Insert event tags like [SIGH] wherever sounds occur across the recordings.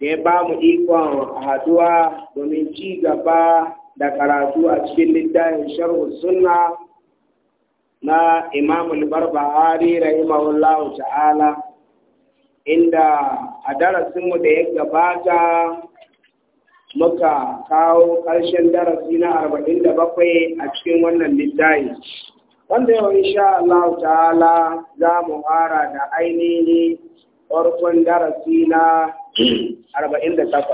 da ba mu ikon haduwa domin ci gaba da karatu a cikin littafin sharhu sunna na imam al-barbahari rahimahullahu ta'ala inda a darasin mu da ya gabata muka kawo karshen darasi na arba'in da bakwai a cikin wannan littafi wanda yau insha Allah ta'ala za mu fara da ainihi farkon darasi na 48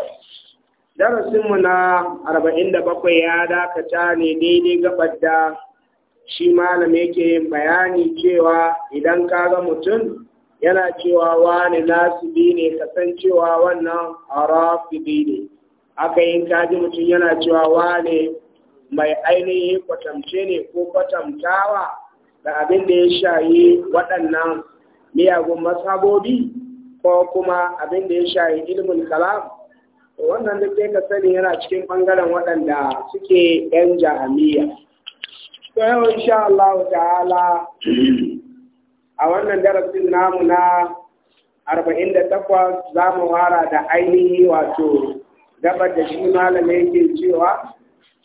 darasinmu na 47 ya dakata ne daidai gabar da shi malam yake bayani cewa idan ka ga mutum yana cewa wani nasibi ne kasancewa wannan arafibi ne aka yin kaji mutum yana cewa wani mai ainihin kwatamce ne ko kwatamtawa da abin da ya shayi waɗannan miyagun masabobi ko kuma abin da ya shayi ilimin kalam wannan duk dai ka sani yana cikin bangaren waɗanda suke ɗan jami'a to yau insha Allah ta'ala a wannan darasin namu na 48 za mu wara da ainihi wato gabar da shi malamai yake cewa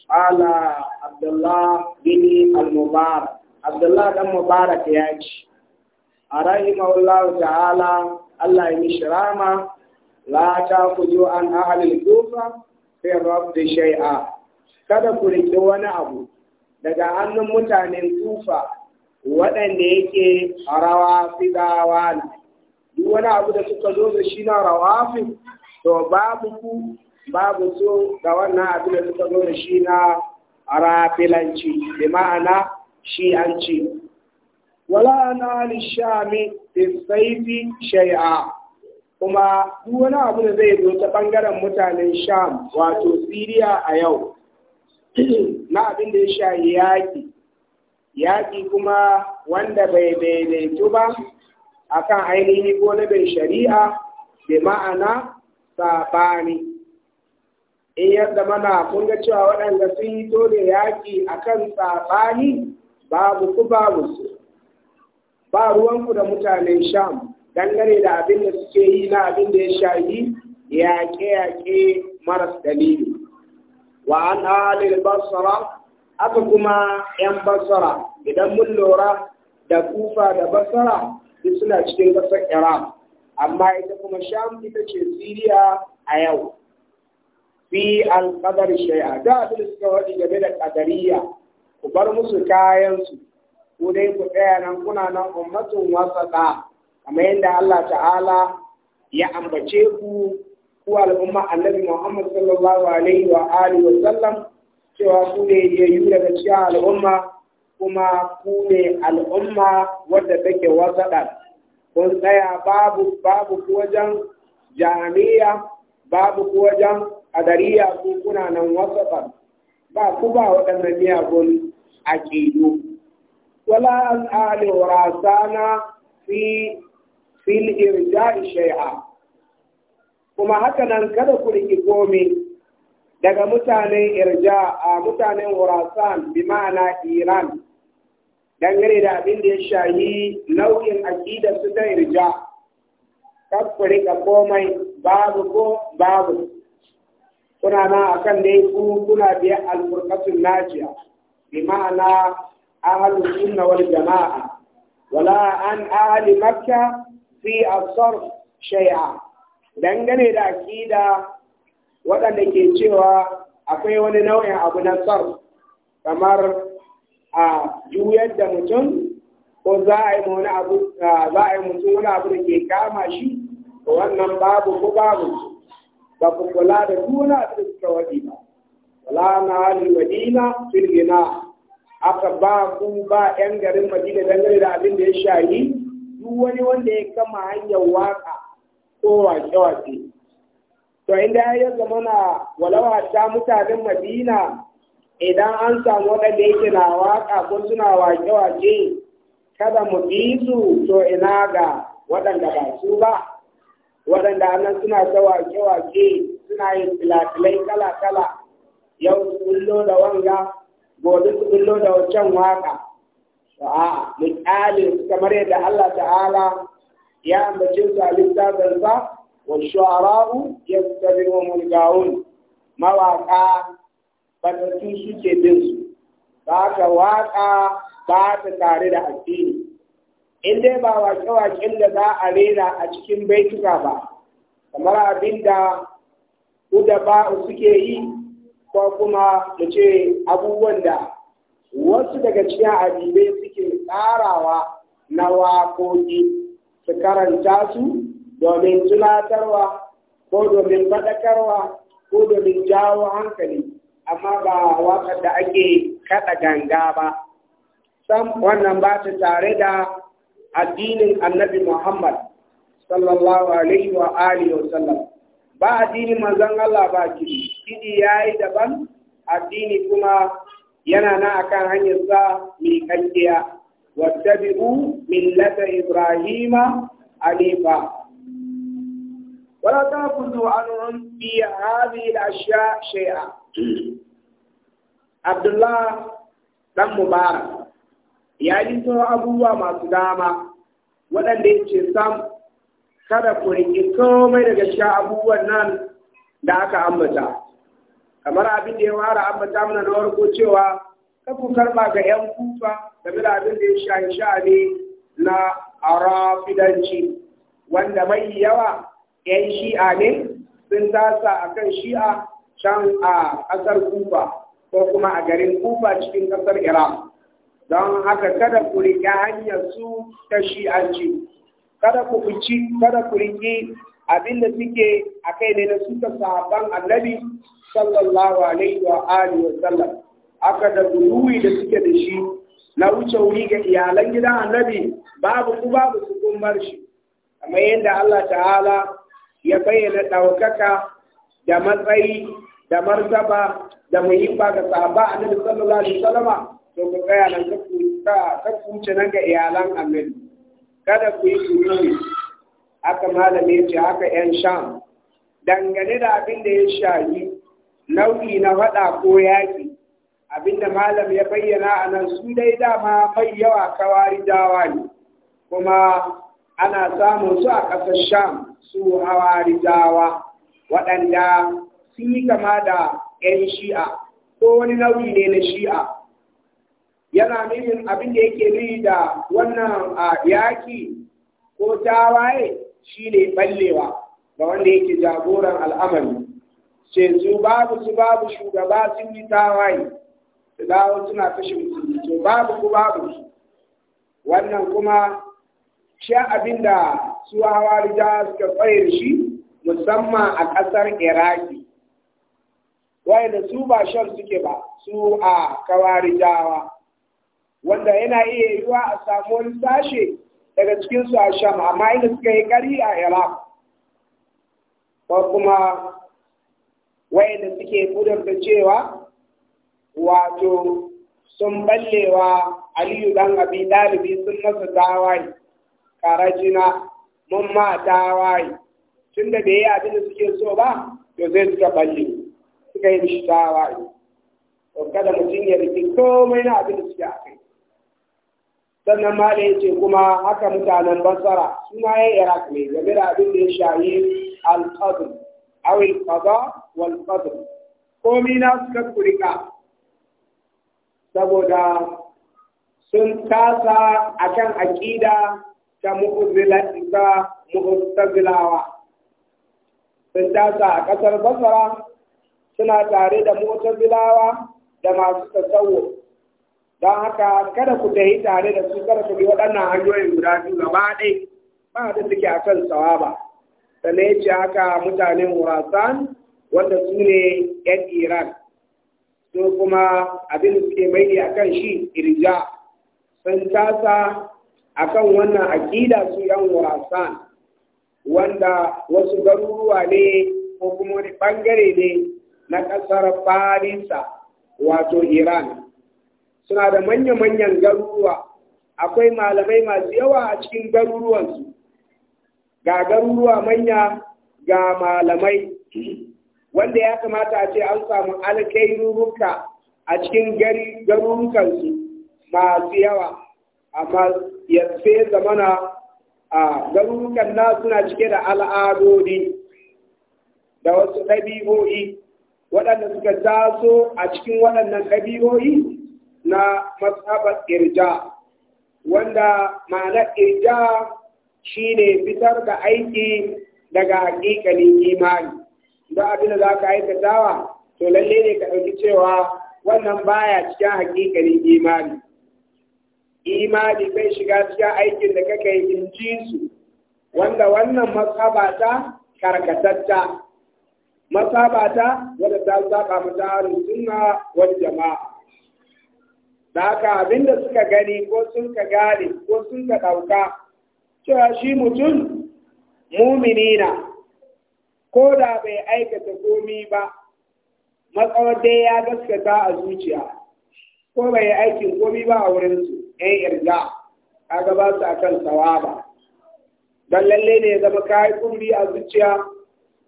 ala abdullah bin al-mubarak abdullah dan mubarak ya ci a rahimahullahu ta'ala Allah ya mishi rama la ta kujo an ahalil kufa fi rabbi shay'a kada ku rike wani abu daga hannun mutanen kufa waɗanda yake rawa fi ne duk wani abu da suka zo da shi na rawafi to babu ku babu so ga wannan abu da suka zo da shi na rafilanci bi ma'ana shi'anci wala na shami bisaifi shai'a kuma duk wani abu da zai zo ta ɓangaren mutanen sham wato siriya a yau [CLEARS THROAT] na abin da ya shayi yaƙi yaƙi kuma wanda bai daidaitu ba akan ainihi ko na bai shari'a bi ma'ana saɓani in yadda mana kun ga cewa waɗanda sun yi to da yaƙi akan saɓani babu ku babu ba ruwanku da mutanen sham dangane da abin da suke yi na abin da ya shayi yaƙe-yaƙe maras dalili wa an alil basara, aka kuma yan basara, idan mun lura da kufa da basara. duk suna cikin ƙasar iran amma ita kuma sham ita ce siriya a yau fi alƙadar shaya da abin da suka waɗi game da ƙadariya ku bar musu kayansu Ku dai ku tsaya nan kuna nan ummatun wasaƙa. kamar yadda Allah ta'ala ya ambace ku ku al'umma annabi Muhammad sallallahu alaihi wa alihi wa sallam cewa ku ne yi daga cikin al'umma kuma ku ne al'umma wadda take wasaƙa. kun tsaya babu babu ku wajen jami'a babu ku wajen adariya ku kuna nan wasaƙa. ba ku ba waɗannan miyagun aƙidu ولا أسأل وراسانا في في الإرجاء شيئا kuma hakanan kada ku riki komi daga mutanen irja a mutanen Khorasan bi ma'ana Iran dangane da abin da ya shayi nau'in aƙidar su ta irja kar ku komai babu ko babu kuna na akan dai ku kuna biya alfurqatul najiya bi ma'ana أهل السنة والجماعة ولا عن أهل مكة في الصرف شيئا dangane da akida waɗanda ke cewa akwai wani nau'in abu na sarf kamar a juyar da mutum ko za a yi wani abu za a yi mutum wani abu da ke kama shi to wannan babu ko babu ba ku kula da duna da suka wadi ba wala na hali wadina fil gina aka ba ku ba 'yan garin Madina dangane da abin da ya shayi duk wani wanda ya kama hanyar waka ko wake-wake. To inda ya zama na walawa ta mutanen Madina idan an samu waɗanda yake na waka ko suna wake-wake kada mu bi su to ina ga waɗanda ba su ba waɗanda nan suna ta wake-wake suna yin filafilai kala-kala yau kullum da wanga gobe su billo da wancan waka to a kamar yadda Allah ta'ala ya ambace su a littafin sa wa shu'ara'u yastabi'u mulgaun mawaka batatu suke bin su ba ka waka ba ta tare da addini in dai ba waƙe-waƙen da za a rera a cikin baituka ba kamar abin da ku da ba suke yi ko kuma mu ce abubuwan da wasu daga cikin addinai suke tsarawa na waƙoƙi su karanta su domin tunatarwa ko domin faɗakarwa ko domin jawo hankali amma ba waƙar da ake kaɗa ganga ba sam wannan ba ta tare da addinin annabi muhammad sallallahu alaihi wa alihi wa sallam ba addinin manzon Allah ba kiri addini ya yi daban addini kuma yana na akan hanyar sa mai kankiya wattabi'u millata ibrahima alifa ولا تأخذوا عنهم في da الأشياء شيئا عبد abdullah Dan Mubarak ya to abubuwa masu dama waɗanda ya ce sam kada ku riƙi komai daga sha abubuwan nan da aka ambata kamar abin da ya wara ambata mana na warko cewa kafu karba ga yan kufa da da abin da ya shahi sha'ani na arafidanci wanda mai yawa yan shi'a ne sun tasa a kan shi'a can a ƙasar kufa ko kuma a garin kufa cikin ƙasar iraq don haka kada ku riƙe hanyar su ta shi'anci kada ku kada ku riƙi abin da suke a kai ne na suka sabon annabi sallallahu alaihi wa alihi wa sallam aka da guluwi da suke da shi na wuce wuri ga iyalan gidan annabi babu ku babu su kun bar shi kamar yadda Allah ta'ala ya bayyana ɗaukaka da matsayi da martaba da muhimma ga sahaba annabi sallallahu alaihi wa sallama to ku tsaya nan ka ku wuce nan ga iyalan annabi kada ku yi guluwi haka malami ce haka ‘yan sham dangane da abin da ya shayi nau'i na faɗa ko yaƙi abin da malam ya bayyana a nan su dai dama mai yawa kawari dawa ne kuma ana samun su a ƙasar sham su hawari dawa waɗanda sun yi kama da 'yan shi'a ko wani nau'i ne na shi'a yana nufin abin da yake nufi da wannan yaƙi ko tawaye Shi ne ballewa ga wanda yake jagoran al'amari ce su babu su babu shugaba sun yi tawaye su dawo suna kashe mutum, to babu ku babu su wannan kuma shi abinda su hawa hawarija suka tsayar shi musamman a ƙasar iraki Wai da su ba shan suke ba su a kawarijawa wanda yana iya yiwuwa a samu wani sashe daga cikinsu a sham amma inda suka yi kari a iraq ko kuma wayanda suke da cewa wato sun ballewa aliyu dan abi dalibi sun masa tawaye karajina mun ma tawaye tun da bai yi abin da suke so ba to zai suka balle suka yi mishi tawaye to kada mutum ya rike komai na abin da suke a kai sannan ma da yace kuma haka mutanen basara suna ya iraq ne game da abin da ya shayi al-qadr aw al-qada wal qadr komi na suka kurika saboda sun kasa akan aƙida ta mu'tazilawa sun tasa a ƙasar basara suna tare da mu'tazilawa da masu tasawuf don haka kada ku tafi tare da su kada ku bi waɗannan hanyoyin guda biyu gaba ɗai ba da suke a kan ba sannan ya ce haka mutanen wurasan wanda su ne yan iran su kuma abin da suke mai a kan shi irja sun tasa a kan wannan aƙida su yan wurasan wanda wasu garuruwa ne ko kuma wani ɓangare ne na ƙasar farisa wato iran suna da manya-manyan garuruwa akwai malamai masu yawa a cikin garuruwansu ga garuruwa manya ga malamai wanda ya kamata a ce an samu alkairuruka a cikin garurukansu masu yawa amma ya sai zamana a garurukan na suna cike da al'adodi da wasu ɗabi'o'i waɗanda suka taso a cikin waɗannan ɗabi'o'i na masabar irja wanda ma'anar irja shine fitar da aiki daga hakikalin imani da abin da za ka aikatawa to lalle ne ka ɗauki cewa wannan baya cikin hakikalin imani imani kai shiga cikin aikin da kake yi ji su wanda wannan masaba ta karkatatta masaba ta wadda ta saba mutane, sunna wal jama'a da haka abin da suka gani ko sun ka gane ko sun ka ɗauka cewa shi mutum mumini na ko da bai aikata komi ba matsawar ya gaskata a zuciya ko bai aikin komi ba a wurinsu ‘yan irga a gabata a kan sawaba don lalle ne zama kayi kumbi a zuciya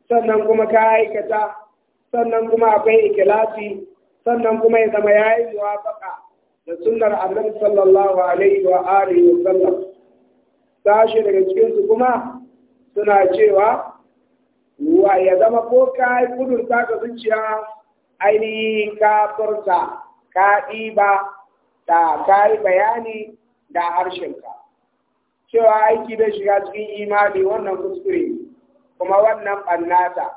sannan kuma ka aikata sannan kuma akwai ikilasi sannan kuma ya zama ya yi da sunnar annabi sallallahu alaihi wa alihi wa sallam sashi daga cikin su kuma suna cewa wa ya zama ko ka kudur ta ka zuciya ainihin ka furta ka ɗiba da ka yi bayani da harshenka cewa aiki da shiga cikin imani wannan kuskure kuma wannan ɓannata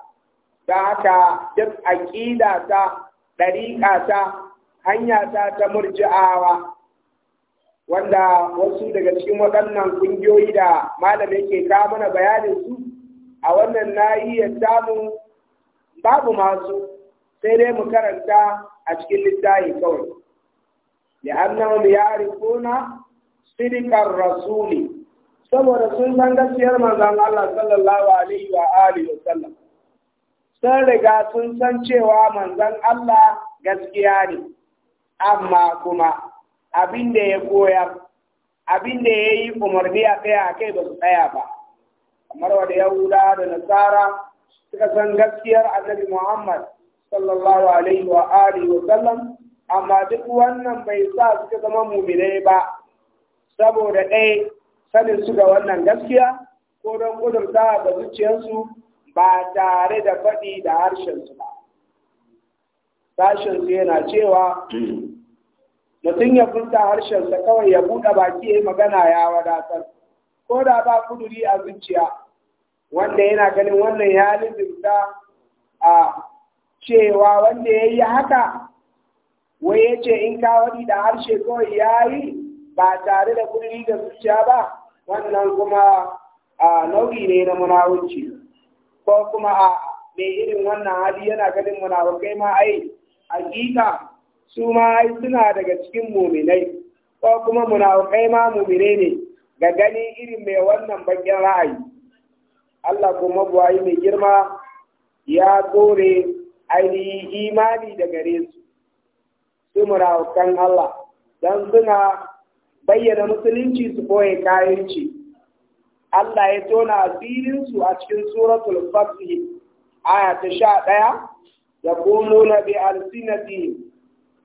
da haka duk aƙida ta ɗariƙa ta hanya ta ta murji'awa wanda wasu daga cikin waɗannan ƙungiyoyi da malam yake ka mana bayanin su a wannan ya samu babu masu sai dai mu karanta a cikin littafi kawai li'annahum ya'rifuna sidqar rasuli saboda sun san gaskiyar manzon Allah sallallahu alaihi wa alihi wa sallam sun riga sun san cewa manzon Allah gaskiya ne amma kuma abin da ya koya, abin da ya yi umarni a kai a kai ba su tsaya ba kamar wanda yahuda da nasara suka san gaskiyar annabi muhammad sallallahu alaihi wa alihi wa sallam amma duk wannan bai sa suka zama muminai ba saboda ɗaya sanin su ga wannan gaskiya ko don ƙudurta da zuciyarsu ba tare da faɗi da harshensu ba sashen yana cewa mutum ya furta harshensa kawai ya buɗe baki ya yi magana ya wadatar ko da ba kuduri a zuciya wanda yana ganin wannan ya lizinta a cewa wanda ya yi haka wai ya ce in ka waɗi da harshe kawai ya yi ba tare da kuduri da zuciya ba wannan kuma a nau'i ne na munawunci ko kuma a mai irin wannan hali yana ganin munafukai ma ai hakika su ma suna daga cikin muminai ko kuma munafukai ma mumine ne ga gani irin mai wannan bakin ra'ayi Allah kuma buwayi mai girma ya tsore ainihi imani da gare su su murawakan Allah don suna bayyana musulunci su boye kayanci Allah ya tona asirinsu a cikin suratul fasih aya ta sha ɗaya yaquluna bi alsinatihim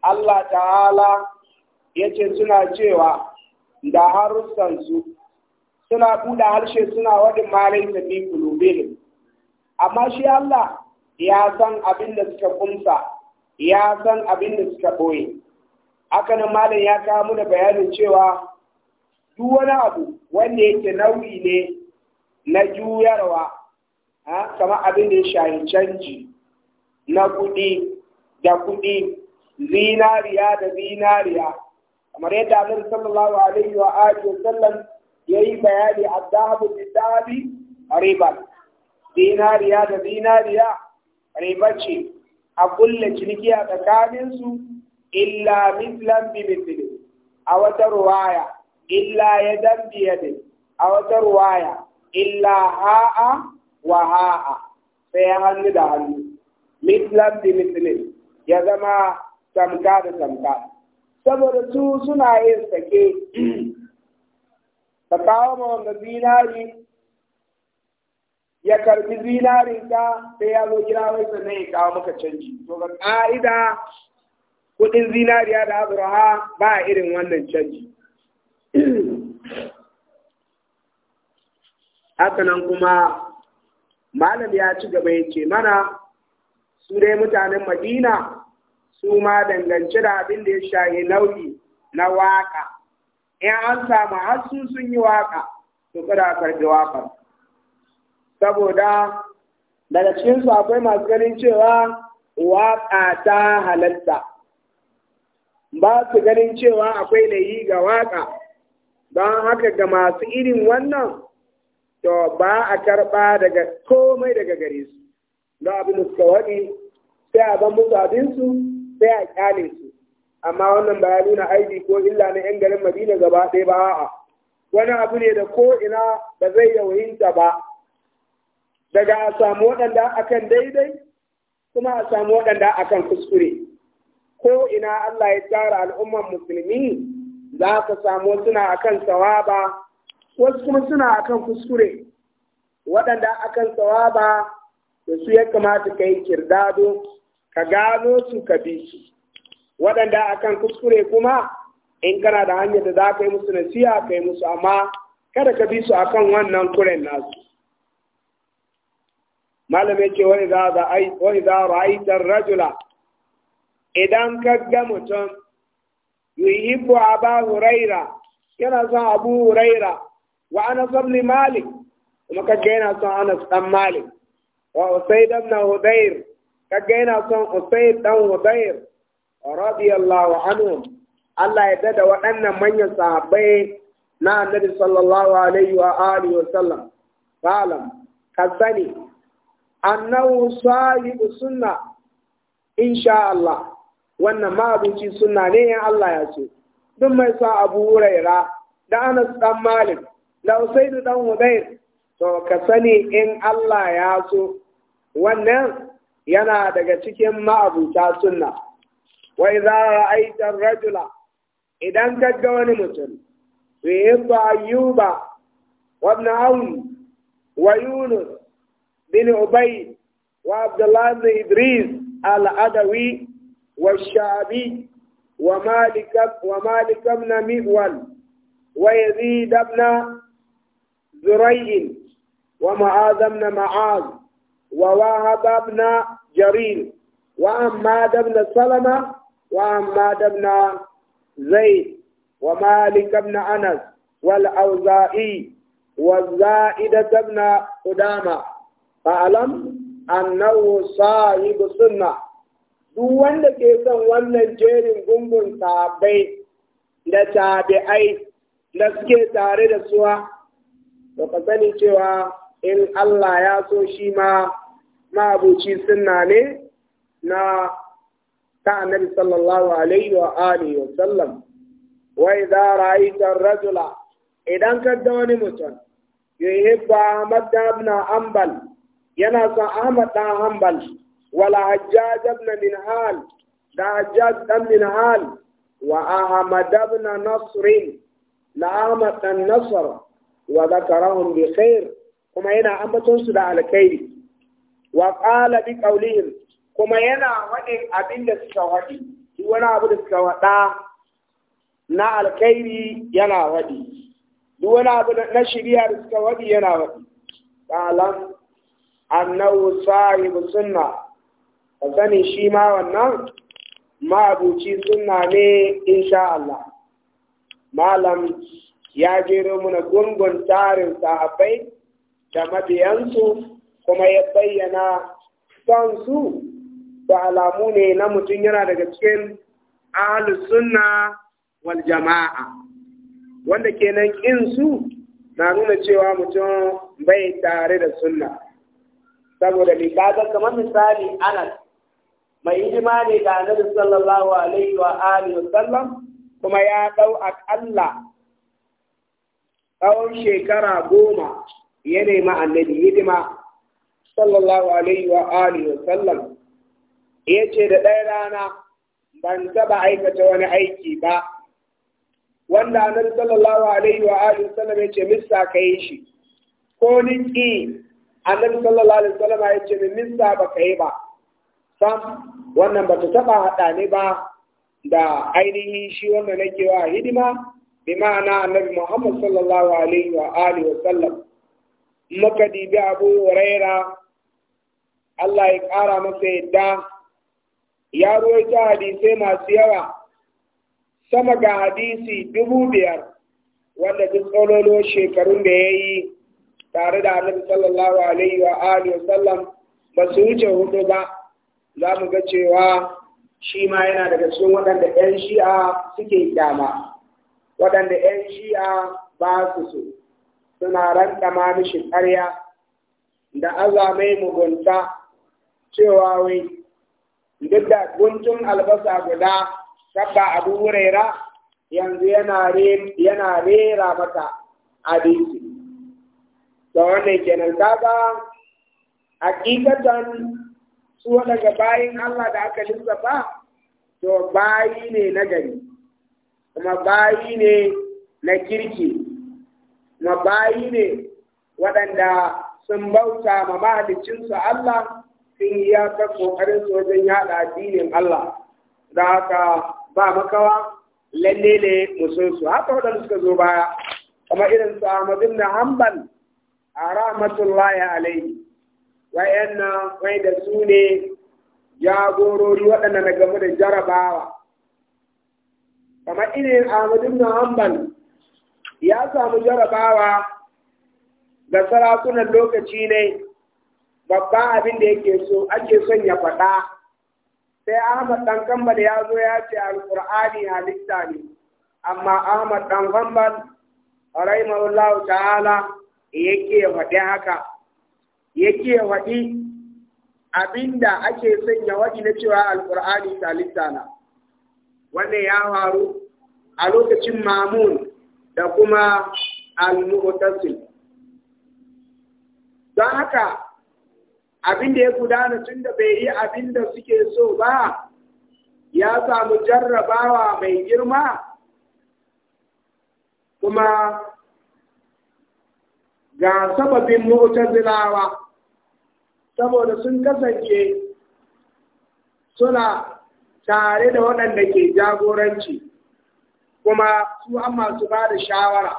Allah ta'ala yace suna cewa da harussan su suna buɗe harshe suna wadin malai da bi amma shi Allah ya san abin da suka kumsa ya san abin da suka ɓoye haka nan malam ya kamu da bayanin cewa duk wani abu wanda yake nau'i ne na juyarwa kamar abin da ya shahi canji na kuɗi da kuɗi zinariya da zinariya kamar yadda annabi sallallahu alaihi wa alihi wa sallam yayi bayani adabu bidabi riba zinariya da zinariya riba ce a kulle ciniki a tsakanin su illa mislan bi mithli a wata ruwaya illa yadan bi yadin a wata ruwaya illa ha'a wa ha'a sai hannu da hannu mislan di mislin ya zama tamka da tamka saboda su suna yin sake ka kawo ma wanda zinari ya karbi zinarin ka sai ya zo gida mai sannan ya kawo maka canji to ga ƙa'ida kuɗin zinariya da abraha ba irin wannan canji hakanan kuma malam ya ci gaba ya ce mana su dai mutanen madina su ma dangance da abin da ya shahi nauyi na waka in an samu hasu sun yi waka to kada karbi wakar saboda daga cikinsu akwai masu ganin cewa waka ta halatta ba su ganin cewa akwai layi ga waƙa don haka ga masu irin wannan to ba a karɓa daga komai daga gare su na abin da suka waɗe sai a ban musu abinsu sai a kyale su amma wannan ba ya nuna aiki ko illa na yan garin madina gaba ɗaya ba a'a wani abu ne da ko ina ba zai yawayinta ba daga a samu waɗanda akan daidai kuma a samu waɗanda akan kuskure ko ina Allah ya tara al'umman musulmi za ka samu suna akan sawaba wasu kuma suna akan kuskure waɗanda akan sawaba da su ya kamata ka yi kirdado ka gano su ka bi su waɗanda akan kuskure kuma in kana da hanyar da za ka yi musu nasiha ka musu amma kada ka bi su akan wannan kuren nasu malamai ce wani za ra'aitar rajula idan ka ga mutum yuhibbu aba huraira yana son abu huraira wa ana sabni malik kuma ka yana son ana san malik wa Usaid ibn Hudayr Ka gaina son Usaid dan Hudayr radiyallahu anhu Allah ya dada waɗannan manyan sahabbai na Annabi sallallahu alaihi wa alihi wa sallam salam ka sani annahu sahibu sunna insha Allah wannan ma abinci sunna ne in Allah ya so duk mai sa Abu Huraira da Anas dan Malik da Usaid dan Hudayr to ka sani in Allah ya so wannan yana daga cikin ma'abuta sunna wa idza ra'aita rajula idan ka wani mutum fi ibn ayyuba wa ibn aun wa yunus bin ubay wa abdullah bin idris al-adawi wa shabi wa malik wa malik ibn mihwan wa yazid ibn zurayh ومعاذ بن معاذ ووهب بن جرير وعماد بن سلمة وعماد بن زيد ومالك بن أنس والأوزائي والزائدة بن قدامة فأعلم أنه صاحب السنة duk wanda ke son wannan jerin لتابعي لسكي da tabi'ai وقصني suke in Allah ya so shi ma mabuci suna ne na ta annabi sallallahu alaihi wa alihi wa sallam wa idza ra'aita rajula idan ka ga wani mutum yuhibbu Ahmad ibn Hanbal yana son Ahmad dan Hanbal wala Hajjaj ibn hal da Hajjaj min hal. wa Ahmad ibn Nasr la Ahmad dan Nasr wa dhakarahum bi khair kuma yana ambaton su da alkhairi wa qala bi qawlihim kuma yana wadin abin da suka wadi shi wani abu da suka wada na alkhairi yana wadi duk wani abu na shari'a da suka wadi yana wadi qalan annahu sahibu sunna ka shi ma wannan ma'abuci sunna ne insha Allah malam ya jero muna gungun tarin sahabbai da mabiyansu kuma ya bayyana son su da alamu ne na mutum yana daga cikin alisunna sunna wal jama'a wanda kenan kin su na nuna cewa mutum bai tare da sunna saboda mai kaga kamar misali anas mai hidima ne ga annabi sallallahu alaihi wa alihi wa sallam kuma ya dau akalla tsawon shekara goma ya nema annabi hidima sallallahu alaihi wa alihi wa sallam ya ce da ɗaya rana ban taɓa aikata wani aiki ba wanda annabi sallallahu alaihi wa alihi wa sallam ya ce mista ka yi shi ko ni ƙi annabi sallallahu alaihi wa sallam yace ce min mista ba ka yi ba sam wannan ba ta taɓa haɗa ne ba da ainihin shi wanda nake wa hidima bi ma'ana annabi Muhammad sallallahu alaihi wa alihi wa sallam muka dibi abu huraira Allah ya ƙara masa yadda ya ruwaita hadisai masu yawa sama ga hadisi dubu biyar wanda duk tsololo shekarun da ya yi tare da annabi sallallahu alaihi wa alihi sallam ba su wuce hudu ba za mu ga cewa shi ma yana daga cikin waɗanda 'yan shi'a suke kyama waɗanda 'yan shi'a ba su so suna ma mishi ƙarya da azamai mugunta cewa wai duk da guntun albasa guda sabba abu huraira yanzu yana rera mata hadisi da wannan kenan kaga hakikatan su daga bayin Allah da aka lissafa to bayi ne na gari kuma bayi ne na kirki na bayi ne waɗanda sun bauta ma mahaliccinsu Allah sun yi ta ƙoƙarin su wajen yaɗa addinin Allah da haka ba makawa lalle ne musulsu haka waɗanda suka zo baya kuma irin su Ahmad na Hanbal a rahmatullahi alaihi na wai da su ne jagorori waɗanda na game da jarabawa kamar irin Ahmad na Hanbal ya samu jarabawa ga sarakunan lokaci ne babba abin da yake so ake son ya faɗa sai Ahmad dan Kambal ya zo ya ce Alkur'ani halitta ne amma Ahmad dan Kambal rahimahullahu ta'ala yake faɗi haka yake faɗi abinda ake son ya waɗi na cewa alqur'ani halitta na wannan ya faru a lokacin Mamun da kuma al-mu'tasil don haka abin da ya gudana tun da bai yi abin da suke so ba ya samu jarrabawa mai girma kuma ga sababin mu'tazilawa saboda sun kasance suna tare da waɗanda ke jagoranci kuma su an masu ba da shawara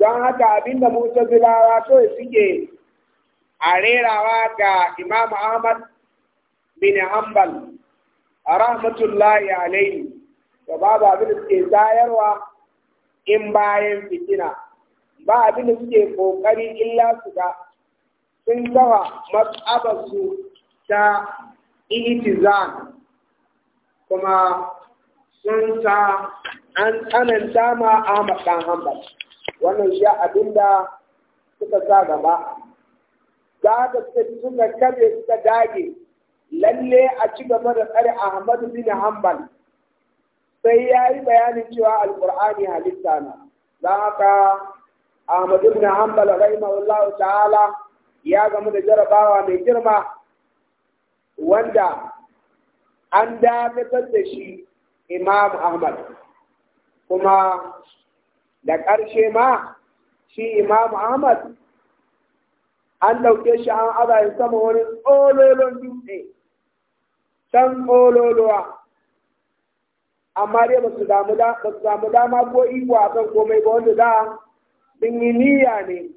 don haka abinda mutazilawa kawai suke a rerawa ga imam ahmad bin hanbal a rahmatullahi alaihi da babu abin da suke zayarwa in bayan fitina ba abin da suke kokari illa su ga sun kawa matsabarsu ta ihtizan kuma sun an tsananta ma Ahmad maɗan hambar wannan shi da suka sa gaba Za ka suka ci suka suka dage lalle a ci gaba da tsare Ahmad bin hambar sai ya yi bayanin cewa alkur'ani halitta na ka haka Ahmad bin Hanbal rahimahullahu ta'ala ya gamu da jarabawa mai girma wanda an dakatar da shi Imam Ahmad kuma da ƙarshe ma shi Imam Ahmad an ɗauke shi an aza sama wani tsololon dutse can tsololuwa amma dai ba su damu dama ko iko a kan komai ba wanda da sun yi niyya ne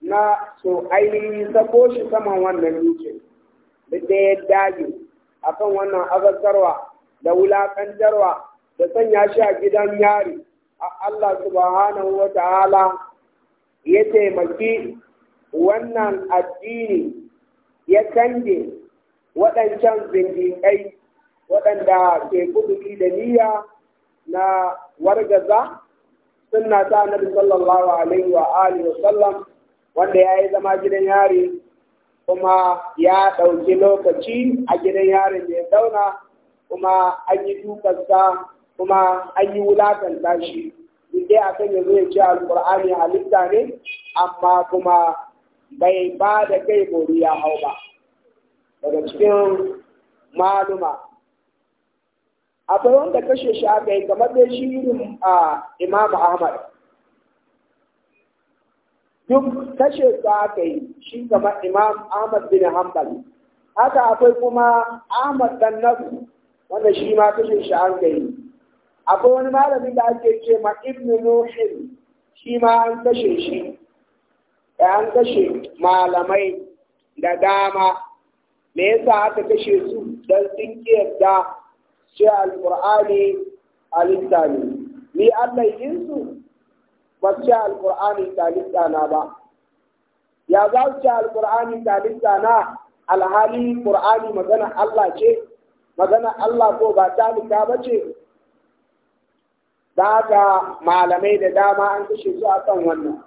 na so ainihin sako shi saman wannan dutse duk da ya dage a kan wannan azartarwa da wulaƙantarwa da sanya shi a gidan yari a Allah subhanahu wa ta'ala ya taimaki wannan addini ya canje waɗancan zindiƙai waɗanda ke kuɗi da niyya na wargaza suna ta nabi sallallahu alaihi wa alihi wa sallam wanda ya yi zama gidan yari kuma ya ɗauki lokaci a gidan yarin da ya zauna kuma an yi dukansa kuma an yi wulakanta shi inda a kan yanzu ya ce alƙur'ani halitta ne amma kuma bai ba da kai bori ya hau ba daga cikin maluma akwai wanda kashe shi aka yi kamar dai shi irin a imam ahmad duk kashe su aka yi shi kamar imam ahmad bin hanbal haka akwai kuma ahmad dan nasu wanda shi ma kashin shi an gari akwai wani malamin da ake ce ma ibnu nuhin shi ma an kashe shi da an kashe malamai da dama me yasa aka kashe su don sun yadda ce alqur'ani halitta ne ni Allah yin su ba ce alqur'ani halitta na ba ya za su ce alqur'ani halitta na alhali qur'ani magana Allah ce magana Allah ko ba ta talika ba ce da haka malamai da dama an kashe su a kan wannan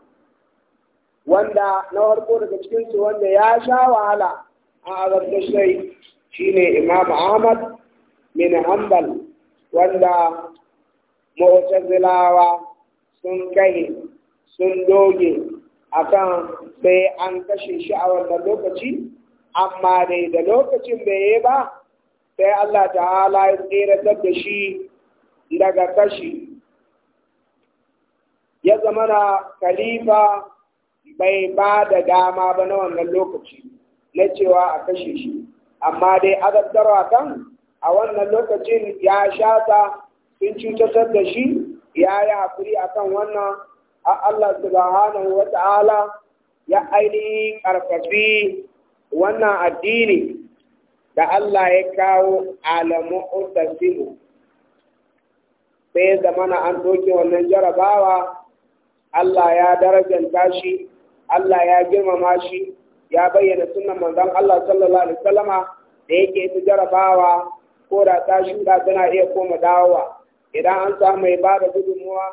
wanda na farko daga cikinsu wanda ya sha wahala a azabta shai ne imam ahmad min hanbal wanda mu'tazilawa sun kai sun doge akan sai an kashe shi a wannan lokaci amma dai da lokacin bai yi ba sai Allah ta'ala ya tseratar da shi daga kashi ya zama na khalifa bai ba da dama ba na wannan lokaci na cewa a kashe shi amma dai azabtarwa kan a wannan lokacin ya shata sun cutar da shi ya yi hakuri a kan wannan a Allah subhanahu wa ta'ala ya ainihin karfafi wannan addini da Allah ya kawo alamu utasilu sai zamana an doke wannan jarabawa Allah ya darajanta shi Allah ya girmama shi ya bayyana sunan manzon Allah sallallahu alaihi wasallama da yake ita jarabawa ko da ta shuda tana iya koma dawowa idan an samu mai ba da gudunmuwa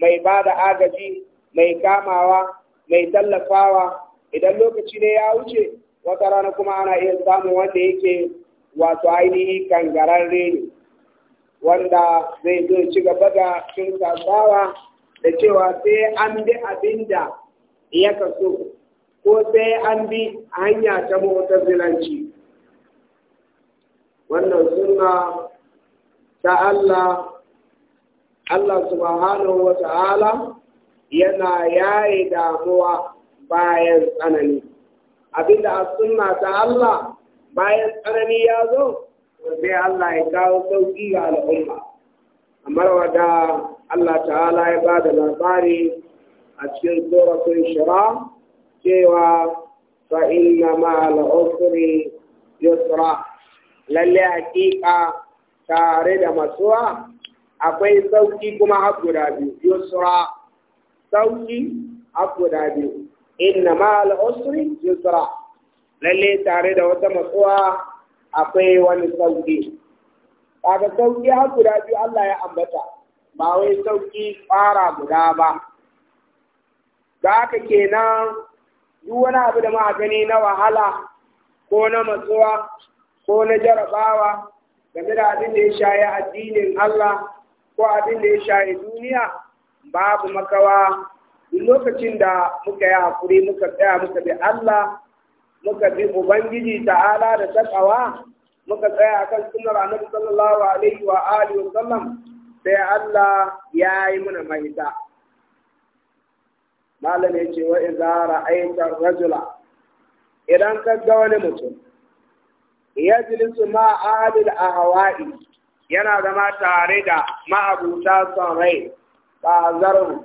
mai ba da agaji mai kamawa mai tallafawa idan lokaci ne ya wuce wata rana kuma ana iya samun wanda yake wato ainihi kangararre ne wanda zai zo ci gaba da cin da cewa sai an bi abin da ya kaso ko sai an bi hanya ta zinanci. wannan suna ta Allah Allah subhanahu wa ta'ala yana yaye damuwa bayan tsanani. da da sunna ta Allah bayan tsanani ya zo sai Allah ya kawo sauƙi ga al'umma kamar wada Allah ta'ala ya ba da labari a cikin suratul shira cewa fa inna ma al-usri yusra lalle hakika tare da masuwa akwai sauki kuma haƙura biyu yusra sauki biyu inna ma al'usri yusra lalle tare da wata matsuwa akwai wani sauki kaga sauki har guda biyu Allah ya ambata ba wai sauki fara guda ba da haka kenan duk wani abu da magani na wahala ko na matsuwa ko na jarabawa game da abin da ya shaye addinin Allah ko abin da ya shaye duniya babu makawa duk lokacin da muka yi hakuri muka tsaya muka bi Allah muka bi ubangiji ta'ala da takawa muka tsaya akan sunnar annabi sallallahu alaihi wa alihi wa sallam sai Allah ya yi muna mahita malam ya ce wa idza ra'aita rajula idan ka ga wani mutum yajlisu ma ahli a ahwai yana zama tare da ma'abuta son rai ba zaru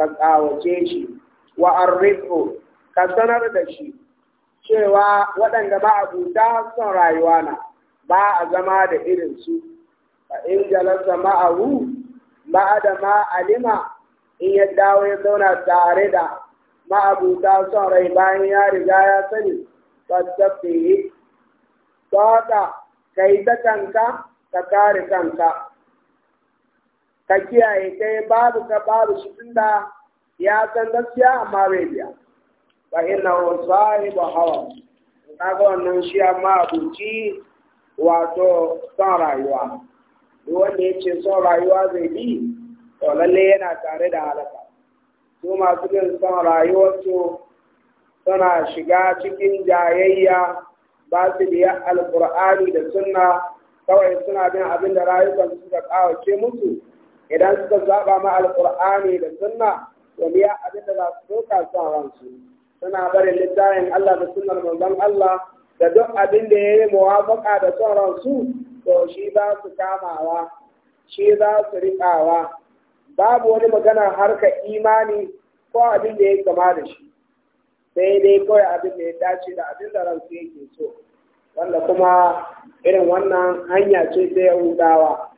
ka tsawace shi wa arrifu ka sanar da shi cewa waɗanda ba a buta son rayuwa na ba a zama da irin su fa in jalasa ma'ahu ba da ma alima in ya dawo ya zauna tare da ma'abuta son rai bayan ya riga ya sani fattafi ta ka yi ta kanka ka kare kanka ka kiyaye kai babu ka babu shi tunda ya san gaskiya amma bai biya fa inna hu sahibu hawa kaga wannan shi amma abuci wato son rayuwa duk wanda ya ce son rayuwa zai bi to lalle yana tare da halaka su masu bin son rayuwarsu suna shiga cikin jayayya ba su biya alkur'ani da sunna kawai suna bin abin da rayukansu suka kawace musu idan suka zaba ma alqur'ani da sunna to ya abin da za su doka su ransu suna barin littafin Allah da sunnar manzon Allah da duk abin da yayi muwafaka da son ransu to shi za su kamawa shi za su riƙawa babu wani magana harka imani ko abin da ya kama da shi sai dai kawai abin da ya dace da abin da ransu yake so wanda kuma irin wannan hanya ce ta yahudawa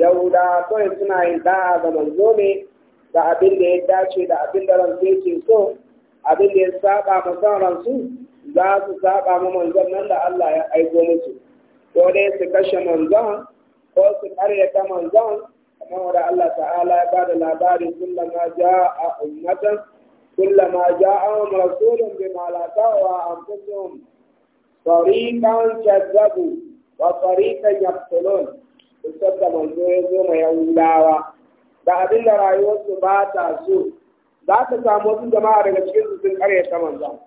yahuda kawai suna yin da'a ga manzo ne da abin da ya dace da abin da ransu yake so abin da ya saba ma san ransu za su saba ma manzon nan da Allah ya aiko musu ko dai su kashe manzon ko su karyata manzon kamar da Allah ta'ala ya bada labari kullama ja'a ummatan kullama ja'a rasulun ma la tawa anfusuhum tariqan kazzabu wa tariqan yaqtulun da manzo ya zo ma yahudawa da abin da rayuwarsu ba ta so za ta samu wasu jama'a daga cikin su sun ta manzan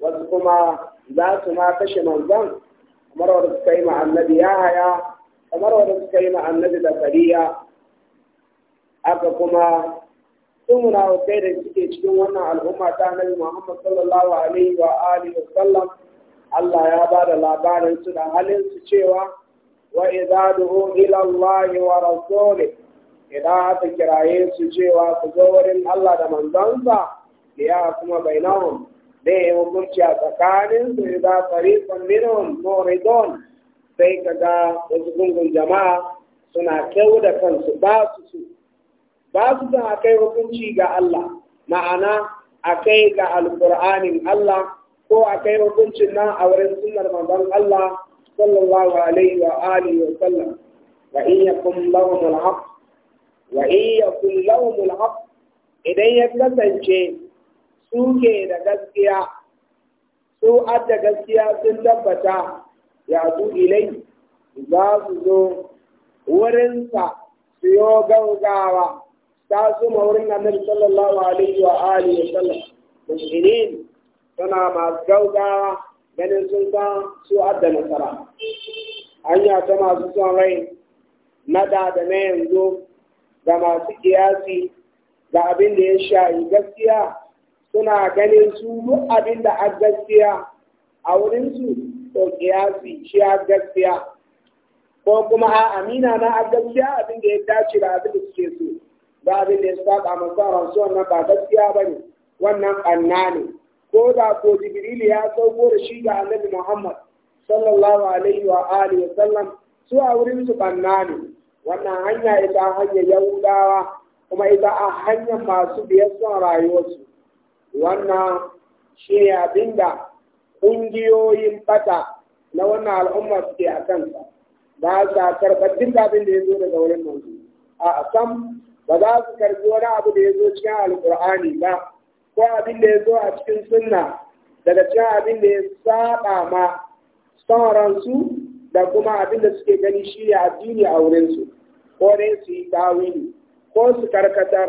wasu kuma za su ma kashe manzan. kamar wanda suka yi ma annabi haya. kamar wanda suka yi ma annabi zakariya aka kuma sun kai da suke cikin wannan al'umma ta nabi muhammad sallallahu alaihi wa alihi wa sallam Allah ya ba da labarin su da halin su cewa Waɗanda wajen al'ummar Allah ya rasu ne idan za kiraye su cewa su zo Allah da Mandan sa? kuma bai nawan? Zai hukunci a tsakanin su yi da tarihin miliyan, mori Sai kaga wasu gungun jama'a suna kyau da kansu, ba su san akai hukunci ga Allah? Ma'ana akai ga Alkur'anin Allah? Ko akai hukunci na a wurin sunan Mandan Allah? صلى الله عليه وآله وسلم وإن يكن لهم الحق وإن يكن لهم الحق idan ya kasance suke da gaskiya su adda gaskiya sun tabbata ya su ilai za su zo wurinsa su yo gaugawa ta su maurin annabi sallallahu alaihi wa alihi wa sallam muslimin suna masu gaugawa ganin sun san su adda nasara hanya ta masu son rai na da da na yanzu da masu kiyasi da abin da ya shayi gaskiya suna ganin su duk abin da a gaskiya a wurinsu to kiyasi shi a gaskiya ko kuma a amina na a gaskiya abin da ya dace da abin da suke so ba abin da ya saba masu ransu wannan ba gaskiya ba ne wannan ɓanna ne ko da ko jibril ya sauko da shi ga annabi muhammad sallallahu alaihi wa alihi wa sallam su a wurin su banna ne wannan hanya ita hanyar yahudawa kuma ita a hanyar masu biyar son rayuwarsu wannan shi ne abin da ƙungiyoyin fata na wannan al'umma suke a kansa ba sa karɓar duk abin da ya zo daga wurin manzo a sam ba za su karɓi wani abu da ya zo cikin alƙur'ani ba ko abin da ya zo a cikin sunna daga cikin abin da ya saba ma sauransu da kuma abin da suke gani shi ne addini a wurinsu ko dai su yi tawili ko su karkatar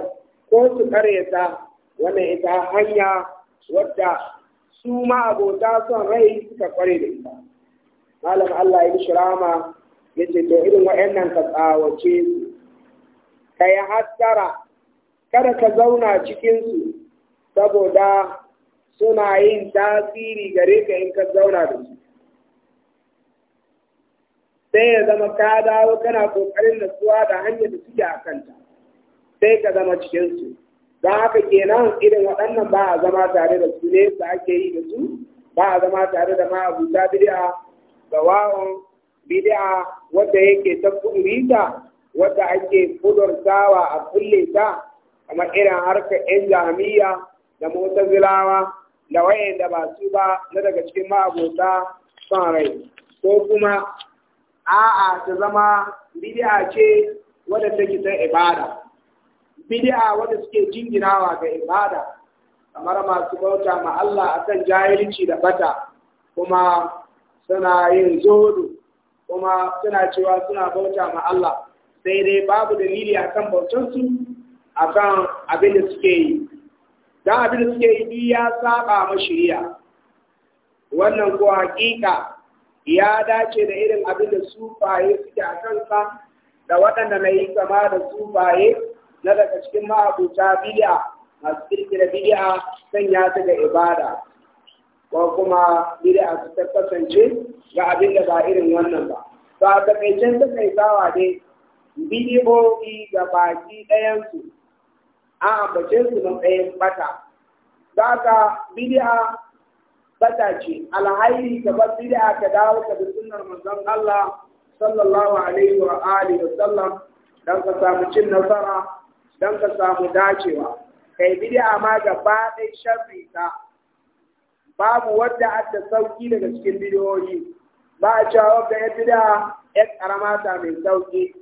ko su karyata wannan ita hanya wadda su ma abota son rai suka kware da ita malam Allah ya shirama ya ce to irin waɗannan ka tsawace su ka yi hattara kada ka zauna cikinsu saboda suna yin tasiri gare ka in ka zauna da su sai ya zama ka dawo kana kokarin nutsuwa da hanyar da suke a kanta sai ka zama cikinsu don haka kenan irin waɗannan ba a zama tare da su ne da ake yi da su ba a zama tare da ma'abuta bidi'a da wawon bidi'a wadda yake ta kudurita wadda ake kudurtawa a kulle ta kamar irin harkar 'yan jami'a da zilawa da wayanda ba su ba na daga cikin ma'abota son rai ko kuma a'a ta zama bid'a ce wadda take ta ibada bid'a wadda suke jinginawa ga ibada kamar masu bauta ma Allah akan jahilci da bata kuma suna yin zodo kuma suna cewa suna bauta ma Allah sai dai babu dalili akan bautansu akan abin da suke yi da abin da suke yi ya saba ma shari'a wannan ko hakika ya dace da irin abin da sufaye suke a kansa da waɗanda na yi kama da sufaye na daga cikin ma'abuta bid'a masu kirkira bid'a sanya ya ga ibada ko kuma bid'a su ta kasance ga abin da ba irin wannan ba ba a takaicen takaitawa dai bidiyoyi ga baki ɗayan ɗayansu A'a bace su matsayin bata za ka bid'a bata ce alhaili ka bar bid'a ka dawo ka bi sunnar manzon Allah sallallahu alaihi wa alihi wa sallam dan ka samu cin nasara dan ka samu dacewa kai bid'a ma gaba ɗaya sharri ta babu wadda adda sauƙi daga cikin bidiyoyi ba a cewa ga bid'a ya ta mai sauƙi.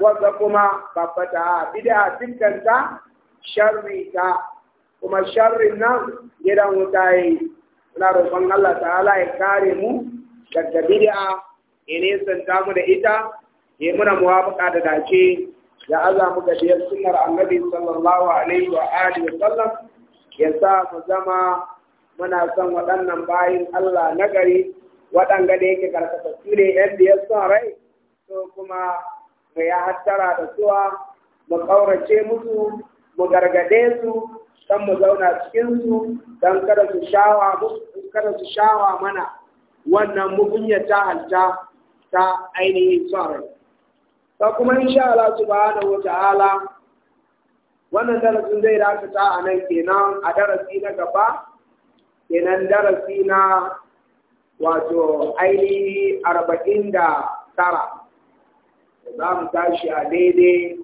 wanda kuma babbata bid'a dinkanta sharri ta kuma sharrin nan gidan wuta yi muna roƙon Allah ta'ala ya kare mu daga bid'a san ta mu da ita ya muna muwafaqa da dace da Allah muka biyar sunnar annabi sallallahu alaihi wa alihi wa sallam ya sa mu zama muna son waɗannan bayin Allah nagari waɗanda da yake karkata su ne yan biyar ya son rai to kuma ka ya hattara da suwa mu ƙaurace musu mu gargade su don mu zauna cikinsu don kada su shawa kada su shawa mana wannan mugunya ta halta ta ainihin tsarai ta kuma insha Allah subhanahu wata'ala wannan darasin zai dakata a nan kenan a darasi na gaba kenan darasi na wato ainihi arba'in da tara za mu tashi a daidai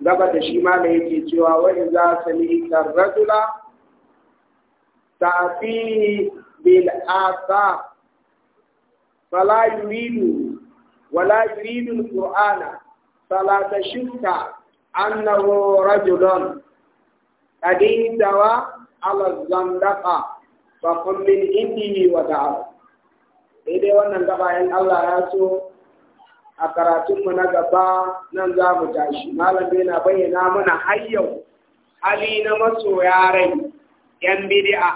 gaba da shi ma da yake cewa wani za su ni tarratula ta'afihi bil a fala wala yuridu al-qur'ana fala tashukka annahu rajulun qadintawa ala zandaqa fa qul min wata wa da'a daidai wannan gaba 'yan Allah ya so a karatun mu na gaba nan za mu tashi malam yana bayyana mana har yau hali na masoya rai yan bidi'a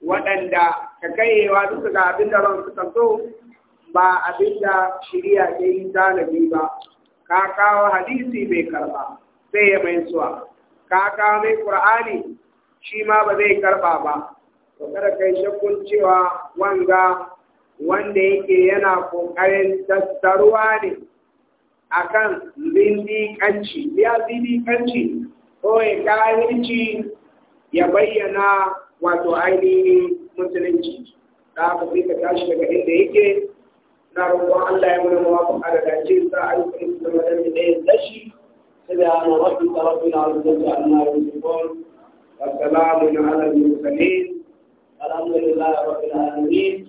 waɗanda ka kaiwa duka ga abin da ran suka so ba abin da shirya ke yi tanabi ba ka kawo hadisi bai karba sai ya mai suwa ka kawo mai qur'ani shi ma ba zai karba ba to kada kai shakkun cewa wanga wanda yake yana ƙoƙarin tattaruwa ne a akan zindiƙanci ya zindiƙanci ko ya kahirci ya bayyana wato ainihin musulunci Za ku sai ka tashi daga inda yake na roƙon Allah ya mana kuma da dace sa a yi kuma da wajen da ya tashi sai da ana wasu tsarafin al'adunta Allah ya zubon wasu salamun ala ya mursalin alhamdulillah rabbil alamin